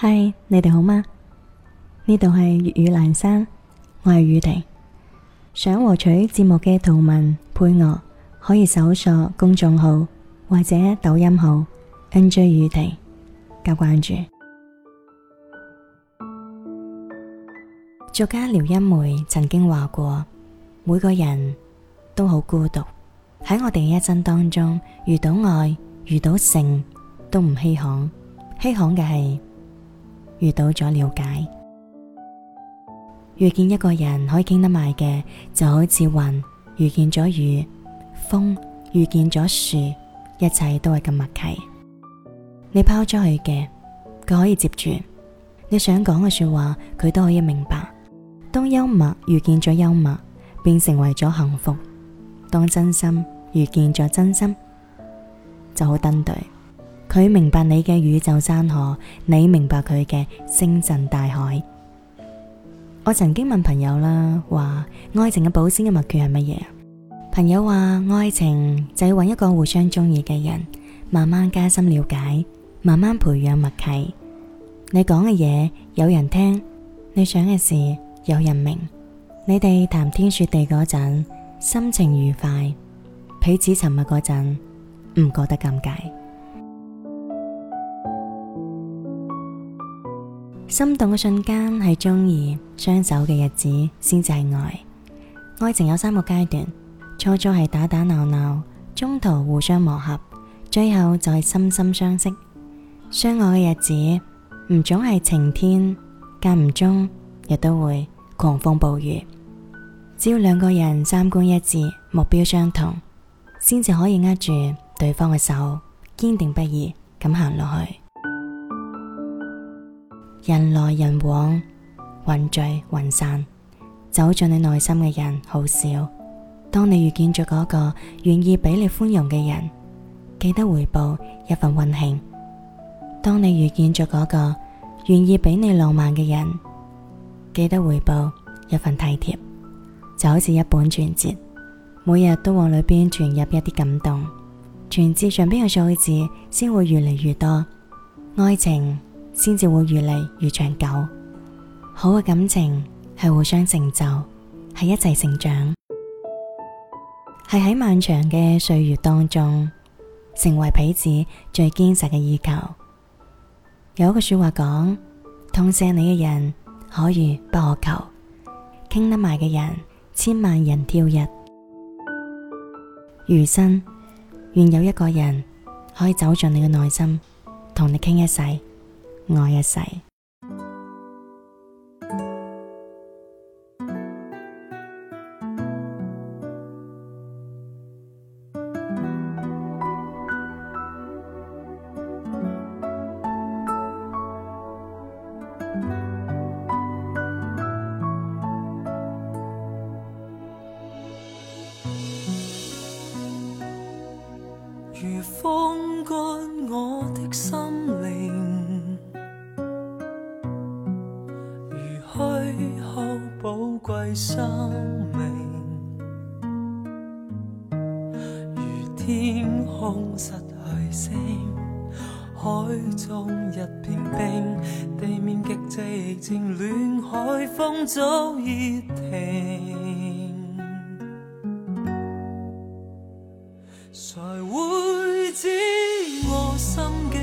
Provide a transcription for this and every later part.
嗨，Hi, 你哋好嗎？呢度係粵語闌珊，我係宇婷。想獲取節目嘅圖文配樂，可以搜索公眾號或者抖音號 NJ 宇婷加關注。作家廖一梅曾經話過：每個人都好孤獨。喺我哋一生當中遇到愛、遇到性，都唔稀罕。稀罕嘅係。遇到咗了解，遇見一個人可以傾得埋嘅，就好似雲遇見咗雨，風遇見咗樹，一切都係咁默契。你拋出去嘅，佢可以接住；你想講嘅說話，佢都可以明白。當幽默遇見咗幽默，變成為咗幸福；當真心遇見咗真心，就好登對。佢明白你嘅宇宙山河，你明白佢嘅星辰大海。我曾經問朋友啦，話愛情嘅保鮮嘅秘訣係乜嘢？朋友話愛情就要揾一個互相中意嘅人，慢慢加深了解，慢慢培養默契。你講嘅嘢有人聽，你想嘅事有人明。你哋談天說地嗰陣心情愉快，彼此沉默嗰陣唔覺得尷尬。心動嘅瞬間係鍾意，相守嘅日子先至係愛。愛情有三個階段，初初係打打鬧鬧，中途互相磨合，最後就係心心相惜。相愛嘅日子唔總係晴天，間唔中亦都會狂風暴雨。只要兩個人三觀一致，目標相同，先至可以握住對方嘅手，堅定不移咁行落去。人來人往，雲聚雲散，走進你內心嘅人好少。當你遇見咗嗰個願意俾你寬容嘅人，記得回報一份温馨；當你遇見咗嗰個願意俾你浪漫嘅人，記得回報一份體貼。就好似一本存折，每日都往裏邊存入一啲感動，存折上邊嘅數字先會越嚟越多。愛情，先至會越嚟越長久。好嘅感情係互相成就，係一齊成長，係喺漫長嘅歲月當中成為彼此最堅實嘅依靠。有一句說話講：痛錫你嘅人可遇不可求，傾得埋嘅人千萬人挑一。餘生願有一個人可以走進你嘅內心，同你傾一世。愛一世。于刻寶貴生命，如天空失去星，海中一片冰，地面極寂靜，暖海風早已停，誰會知我心境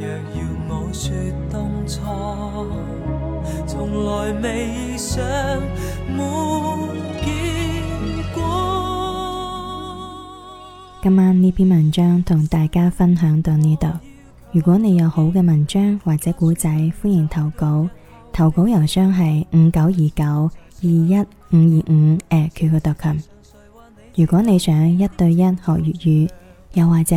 若要我說當初從來未想滿見過。今晚呢篇文章同大家分享到呢度。如果你有好嘅文章或者古仔，歡迎投稿。投稿郵箱係五九二九二一五二五誒 qq dot com。如果你想一對一學粵語，又或者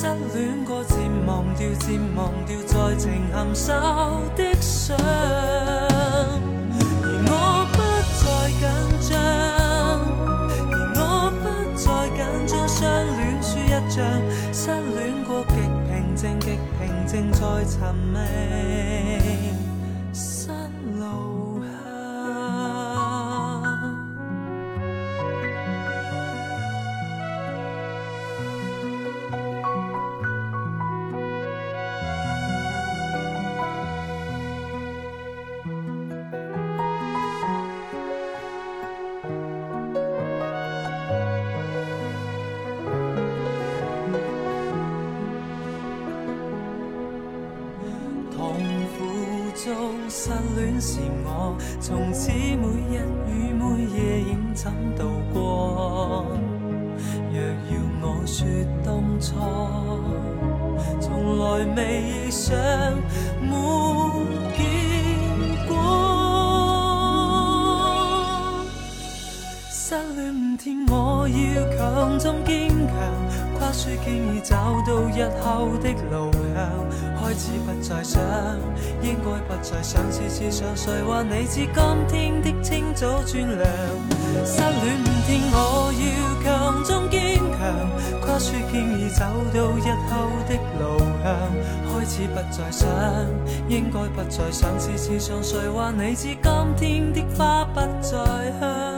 失戀過，漸忘掉，漸忘掉，再情含受的傷。而我不再緊張，而我不再緊張，相戀輸一仗。失戀過極平靜，極平靜，在尋覓。做失戀時，我從此每日與每夜影枕度過。若要我説當初，從來未想沒結果。失戀五天，我要強裝。跨出建議找到日後的路向，開始不再想，應該不再想，次次想，誰話你知今天的清早轉涼。失戀五天，我要強中堅強。跨出建議找到日後的路向，開始不再想，應該不再想，次次想，誰話你知今天的花不再香